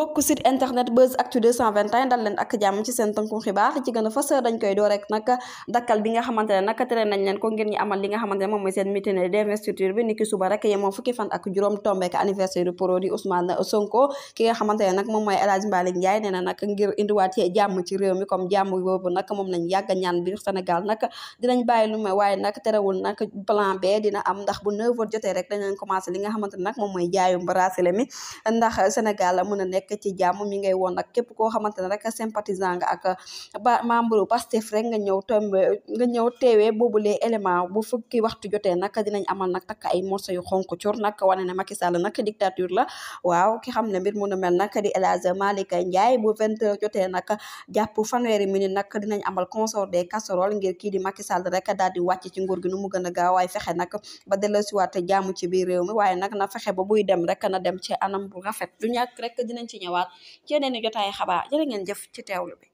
mbokk site internet Buzz Actu 221 dal leen ak jàmm ci seen tënkum xibaar ci gën a fës dañ koy door rek nag dakkal bi nga xamante ne nag tere nañ leen ko ngir ñu amal li nga xamante ne moom mooy seen mitin na nag ngir bu 9 heures jotee rek dañ li nga xamante moom mooy jaayum bracelet mi ndax Sénégal mën a nekk nekk ci jàmm mi ngay woon nag képp koo xamante ne rek sympathisant nga ak ba membre Pastef rek nga ñëw tombe nga ñëw teewee boobulee élément bu fukki waxtu jotee nag dinañ amal nag takk ay morso yu xonk cor nag wane ne Macky Sall nag dictature la waaw ki xam ne mbir mu nu mel nag di El Hadj Malick Ndiaye bu vingt heures jotee nag jàpp fanweeri minute nag dinañ amal concert des casseroles ngir kii di Macky Sall rek daal di wàcc ci ngur gi nu mu gën a fexe nag ba dellusiwaat jàmm ci biir réew mi waaye nag na fexe ba buy dem rek dem ci anam bu rafet ci ñëwaat ci yeneen i jotaay xabaar jërë ngeen jëf ci teewlu bi